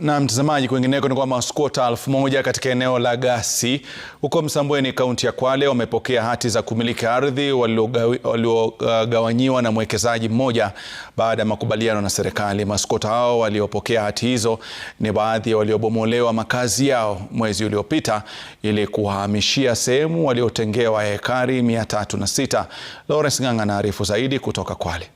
Na mtazamaji, kwingineko ni kwamba maskwota elfu moja katika eneo la Gasi huko Msambweni, kaunti ya Kwale wamepokea hati za kumiliki ardhi waliogawanyiwa na mwekezaji mmoja baada ya makubaliano na serikali. Maskwota hao waliopokea hati hizo ni baadhi ya waliobomolewa makazi yao mwezi uliopita ili kuwahamishia sehemu waliotengewa hekari 306. Lawrence Ng'ang'a anaarifu zaidi kutoka Kwale.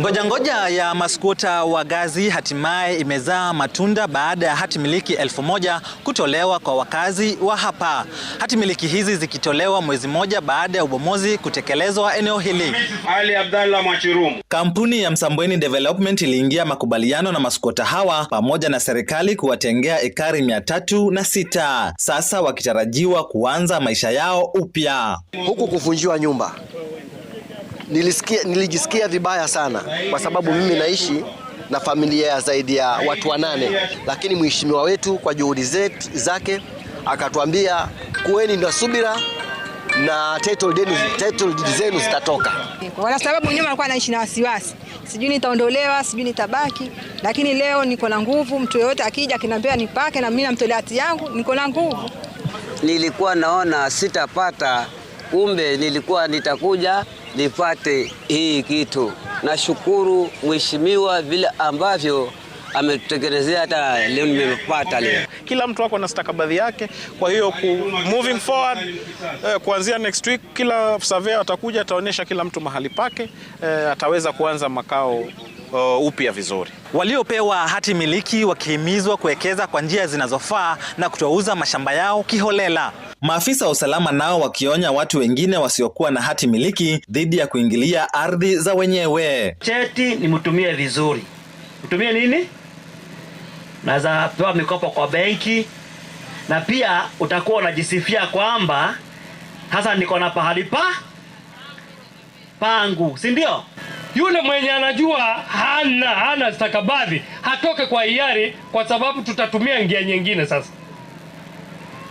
Ngoja ngoja ya maskota wa Gazi hatimaye imezaa matunda baada ya hati miliki elfu moja kutolewa kwa wakazi wa hapa. Hati miliki hizi zikitolewa mwezi moja baada ya ubomozi kutekelezwa eneo hili. Ali Abdalla Machirumu. Kampuni ya Msambweni Development iliingia makubaliano na maskota hawa pamoja na serikali kuwatengea ekari mia tatu na sita. Sasa wakitarajiwa kuanza maisha yao upya. Huku kufunjiwa nyumba nilisikia, nilijisikia vibaya sana kwa sababu mimi naishi na familia ya zaidi ya watu wanane, lakini mheshimiwa wetu kwa juhudi zake akatuambia kuweni na subira na title deni, title zenu zitatoka. Kwa sababu nyuma alikuwa anaishi na wasiwasi, sijui nitaondolewa, sijui nitabaki, lakini leo niko na nguvu. Mtu yoyote akija akiniambia nipake, na mimi namtolea hati yangu, niko na nguvu. Nilikuwa naona sitapata, kumbe nilikuwa nitakuja nipate hii kitu. Nashukuru mheshimiwa vile ambavyo ametutekelezea hata leo nimepata leo. Kila mtu wako na stakabadhi yake, kwa hiyo ku, moving forward eh, kuanzia next week kila surveyor atakuja ataonyesha kila mtu mahali pake eh, ataweza kuanza makao Uh, upya vizuri. Waliopewa hati miliki wakihimizwa kuwekeza kwa njia zinazofaa na kutouza mashamba yao kiholela. Maafisa wa usalama nao wakionya watu wengine wasiokuwa na hati miliki dhidi ya kuingilia ardhi za wenyewe. Cheti ni mtumie vizuri. Mtumie nini? unaweza pewa mikopo kwa benki, na pia utakuwa unajisifia kwamba hasa niko na pahali pa pangu, si ndio? Yule mwenye anajua hana hana stakabadhi hatoke kwa hiari, kwa sababu tutatumia njia nyingine sasa,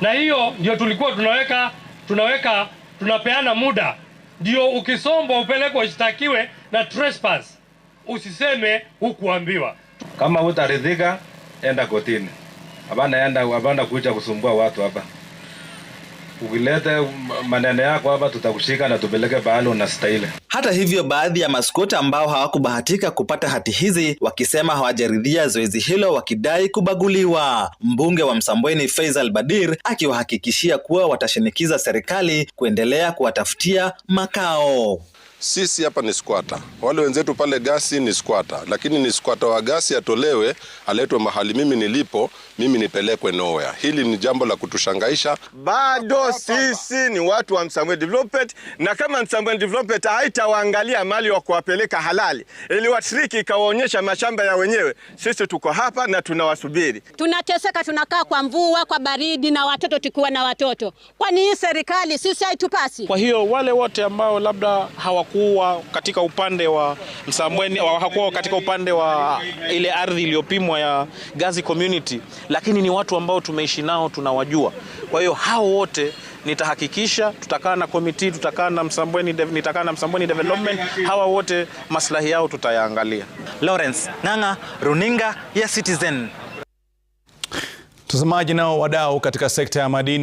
na hiyo ndio tulikuwa tunaweka tunaweka tunapeana muda, ndio ukisombwa upelekwe ushtakiwe na trespass, usiseme hukuambiwa. Kama hutaridhika enda kotini, hapana enda, hapana kuja kusumbua watu hapa. Ukileta maneno yako hapa tutakushika na tupeleke pahali unastahili. Hata hivyo, baadhi ya maskota ambao hawakubahatika kupata hati hizi wakisema hawajaridhia zoezi hilo wakidai kubaguliwa. Mbunge wa Msambweni Faisal Badir akiwahakikishia kuwa watashinikiza serikali kuendelea kuwatafutia makao. Sisi hapa ni squatter, wale wenzetu pale Gasi ni squatter, lakini ni squatter wa Gasi atolewe aletwe mahali mimi nilipo, mimi nipelekwe nowhere. Hili ni jambo la kutushangaisha. Bado sisi ni watu wa Msambwe Development, na kama Msambwe Development haitawaangalia mali wa kuwapeleka halali ili washiriki ikawaonyesha mashamba ya wenyewe, sisi tuko hapa na tunawasubiri. Tunateseka, tunakaa kwa mvua, kwa baridi na watoto tukiwa na watoto. Kwani hii serikali sisi haitupasi? Kwa hiyo wale wote ambao labda hawa hawakuwa katika upande wa Msambweni, hawakuwa katika upande wa ile ardhi iliyopimwa ya Gazi community, lakini ni watu ambao tumeishi nao, tunawajua. Kwa hiyo hao wote nitahakikisha tutakaa na komiti, tutakaa na Msambweni, nitakaa na Msambweni development, hawa wote maslahi yao tutayaangalia. Lawrence Ng'ang'a, runinga ya Citizen. Mtazamaji nao wadau katika sekta ya madini